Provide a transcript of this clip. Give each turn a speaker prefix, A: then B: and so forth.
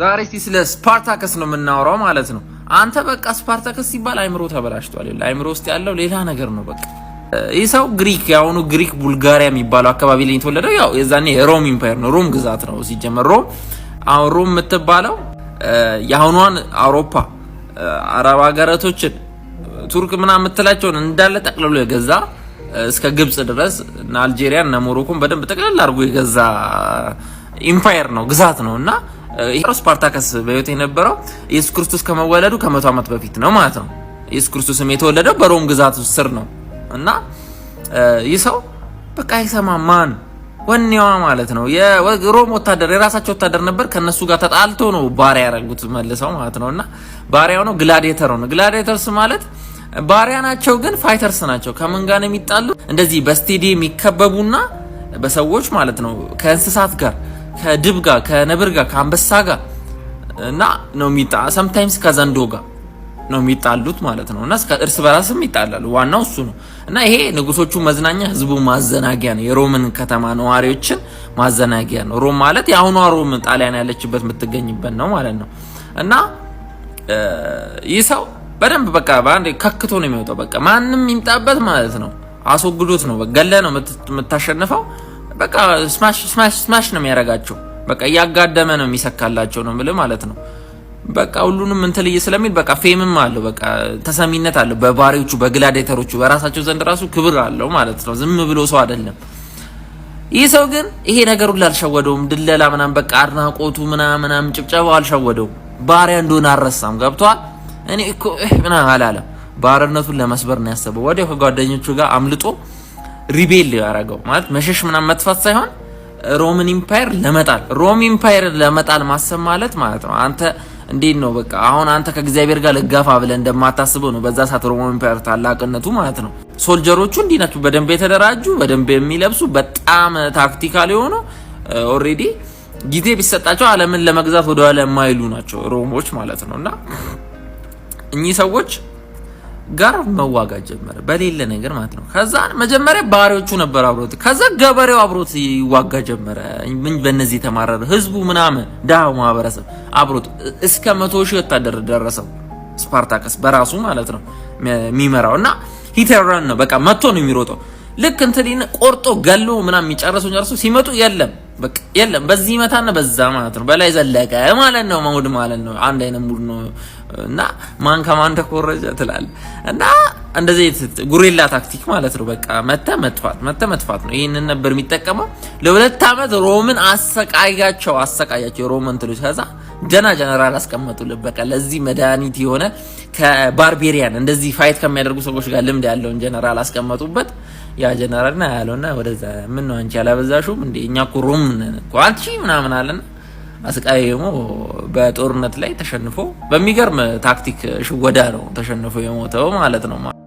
A: ዛሬ እስቲ ስለ ስፓርታከስ ነው የምናወራው ማለት ነው። አንተ በቃ ስፓርታከስ ሲባል አይምሮ ተበላሽቷል። አይምሮ ውስጥ ያለው ሌላ ነገር ነው። በቃ ይህ ሰው ግሪክ የአሁኑ ግሪክ ቡልጋሪያ የሚባለው አካባቢ ላይ የተወለደው ያው የዛኔ የሮም ኢምፓየር ነው። ሮም ግዛት ነው ሲጀመር። ሮም አሁን ሮም የምትባለው የአሁኗን አውሮፓ አረብ ሀገራቶችን ቱርክ ምናምን የምትላቸውን እንዳለ ጠቅልሎ የገዛ እስከ ግብጽ ድረስ እና አልጄሪያ እና ሞሮኮን በደንብ ጠቅልል አድርጎ የገዛ ኢምፓየር ነው ግዛት ነው እና ይሄ ስፓርታከስ በህይወት የነበረው ኢየሱስ ክርስቶስ ከመወለዱ ከመቶ ዓመት በፊት ነው ማለት ነው። ኢየሱስ ክርስቶስም የተወለደው በሮም ግዛት ስር ነው እና ይህ ሰው በቃ ይሰማ ማን ወኔዋ ማለት ነው። የሮም ወታደር የራሳቸው ወታደር ነበር። ከነሱ ጋር ተጣልቶ ነው ባሪያ ያደረጉት መልሰው ማለት ነው እና ባሪያው ነው ግላዲየተር ነው። ግላዲየተርስ ማለት ባሪያ ናቸው፣ ግን ፋይተርስ ናቸው። ከምን ጋር ነው የሚጣሉት? እንደዚህ በስቴዲየም የሚከበቡና በሰዎች ማለት ነው ከእንስሳት ጋር ከድብ ጋር ከነብር ጋር ከአንበሳ ጋር እና ነው የሚጣ ሰምታይምስ ከዘንዶ ጋር ነው የሚጣሉት ማለት ነው። እና እርስ በራስም ይጣላሉ። ዋናው እሱ ነው። እና ይሄ ንጉሶቹ መዝናኛ፣ ህዝቡ ማዘናጊያ ነው። የሮምን ከተማ ነዋሪዎችን ማዘናጊያ ነው። ሮም ማለት የአሁኗ ሮም ጣሊያን ያለችበት የምትገኝበት ነው ማለት ነው። እና ይህ ሰው በደንብ በቃ በአንድ ከክቶ ነው የሚወጣው። በቃ ማንም ይምጣበት ማለት ነው። አስወግዶት ነው ገለ ነው የምታሸንፈው። በቃ ስማሽ ስማሽ ስማሽ ነው የሚያደርጋቸው። በቃ እያጋደመ ነው የሚሰካላቸው ነው የምልህ ማለት ነው። በቃ ሁሉንም ልይ ስለሚል በቃ ፌምም አለው በቃ ተሰሚነት አለው በባሪዎቹ በግላዴተሮቹ በራሳቸው ዘንድ ራሱ ክብር አለው ማለት ነው። ዝም ብሎ ሰው አይደለም። ይህ ሰው ግን ይሄ ነገሩን አልሸወደውም። ድለላ ምናምን በቃ አድናቆቱ ምናምን ምናምን ጭብጨባው አልሸወደውም። ባሪያ እንደሆነ አረሳም ገብቷል። እኔ እኮ ምናምን አላለም። ባርነቱን ለመስበር ነው ያሰበው። ወዲያው ከጓደኞቹ ጋር አምልጦ ሪቤል ያደረገው ማለት መሸሽ ምናምን መጥፋት ሳይሆን ሮምን ኢምፓየር ለመጣል ሮም ኢምፓየር ለመጣል ማሰብ ማለት ማለት ነው። አንተ እንዴት ነው በቃ አሁን አንተ ከእግዚአብሔር ጋር ልጋፋ ብለህ እንደማታስበው ነው። በዛ ሰዓት ሮም ኢምፓየር ታላቅነቱ ማለት ነው። ሶልጀሮቹ እንዲነቱ በደንብ የተደራጁ በደንብ የሚለብሱ በጣም ታክቲካል የሆኑ ኦልሬዲ ጊዜ ቢሰጣቸው ዓለምን ለመግዛት ወደኋላ የማይሉ ናቸው ሮሞች ማለት ነው እና እኚህ ሰዎች ጋር መዋጋት ጀመረ። በሌለ ነገር ማለት ነው። ከዛ መጀመሪያ ባሪዎቹ ነበር አብሮት። ከዛ ገበሬው አብሮት ይዋጋ ጀመረ። ምን በእነዚህ የተማረረ ህዝቡ ምናምን ድሃው ማህበረሰብ አብሮት እስከ መቶ ሺህ ወታደር ደረሰው። ስፓርታከስ በራሱ ማለት ነው የሚመራው እና ሂተራን ነው በቃ መቶ ነው የሚሮጠው። ልክ እንትን ቆርጦ ገሎ ምናምን የሚጨርሰው ጨርሶ ሲመጡ የለም በቃ የለም። በዚህ መታና በዛ ማለት ነው በላይ ዘለቀ ማለት ነው መውድ ማለት ነው አንድ አይነት ሙድ ነው እና ማን ከማን ተኮረጀ ትላል እና እንደዚህ ጉሪላ ታክቲክ ማለት ነው። በቃ መተ መጥፋት መተ መጥፋት ነው። ይህንን ነበር የሚጠቀመው። ለሁለት ዓመት ሮምን አሰቃያቸው አሰቃያቸው የሮመን ትሎች። ከዛ ጀና ጀነራል አስቀመጡልን። በቃ ለዚህ መድኃኒት የሆነ ከባርቤሪያን እንደዚህ ፋይት ከሚያደርጉ ሰዎች ጋር ልምድ ያለውን ጀነራል አስቀመጡበት። ያ ጀነራል ና ያለውና ወደዛ ምን ነው አንቺ ያላበዛሹም እንዴ እኛ እኮ ሮም ነን እኮ አንቺ ምናምን አለና አስቃይ ደግሞ በጦርነት ላይ ተሸንፎ በሚገርም ታክቲክ ሽወዳ ነው ተሸንፎ የሞተው ማለት ነው።